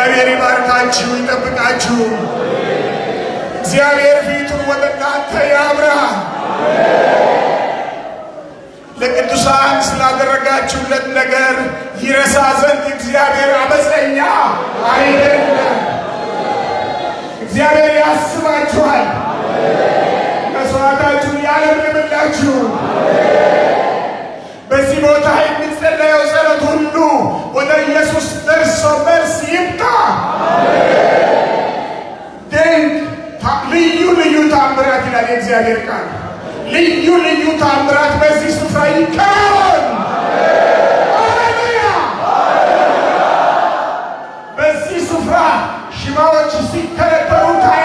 እግዚአብሔር ይባርካችሁ ይጠብቃችሁ። እግዚአብሔር ፊቱን ወደ እናንተ ያብራ። ለቅዱሳን ስላደረጋችሁለት ነገር ይረሳ ዘንድ እግዚአብሔር አመፀኛ አይደለም። እግዚአብሔር ያስባችሁ። ታምራት ይላል የእግዚአብሔር ቃል። ልዩ ልዩ ታምራት በዚህ ስፍራ ይከናወን። ሃሌሉያ! በዚህ ስፍራ ሽማዎች ሲተረተሩ